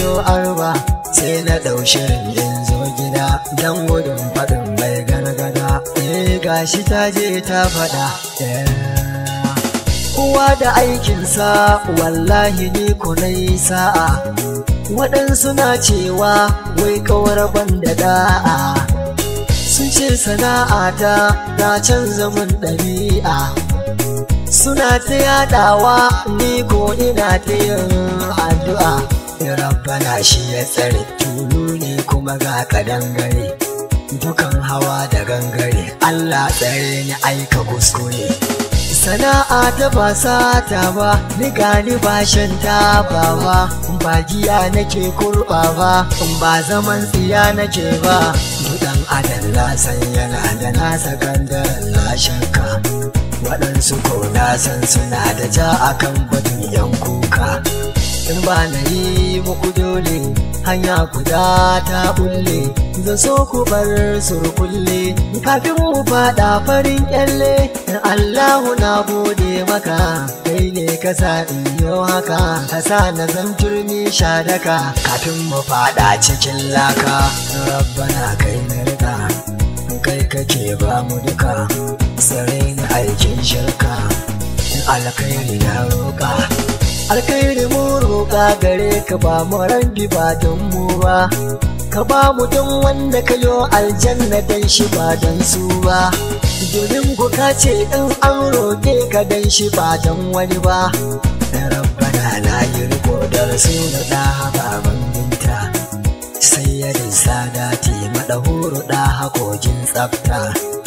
yo arba sai na ɗau in zo gida don gudun faɗin mai gargada eh gashi ta je ta faɗa eh, uwa da aikinsa wallahi ni nai sa'a waɗansu na cewa wai kawar ban da da'a sun ce ta na canza mun ɗabi'a suna ta yaɗawa ni ko ina ta yin addu'a rabbana shi ya tsare tulu ne kuma ga kadangare dukan hawa da gangare Allah tsare ne, aika kuskure sana'a ta ba sata ba ni gani ba shan taba ba ba giya nake kurba ba ba zaman tsiya nake ba dudan adam na yana da nasa gandaran na shakka waɗansu ko nasan suna da ja akan batun yan kuka in ba na yi muku dole hanya guda ta bulle zan so ku bar surkulle kafin mu fada farin kyalle in Allahu na gode maka kai ne ka sa in yi haka ka sa na zan turmi shadaka kafin mu fada cikin laka rabbana kai na rika kai kake ba mu duka sarai na aikin shirka in alkhairi na roka alkhairi mu roƙa gare ka ba mu rangi ba don mu ba ka ba mu don wanda ka yo aljanna dan shi ba don su ba domin ku ka ce in an roƙe ka dan shi ba don wani ba da rabbana na yi riko da na da hababan binta sai ya sadati madahuru da hakojin tsafta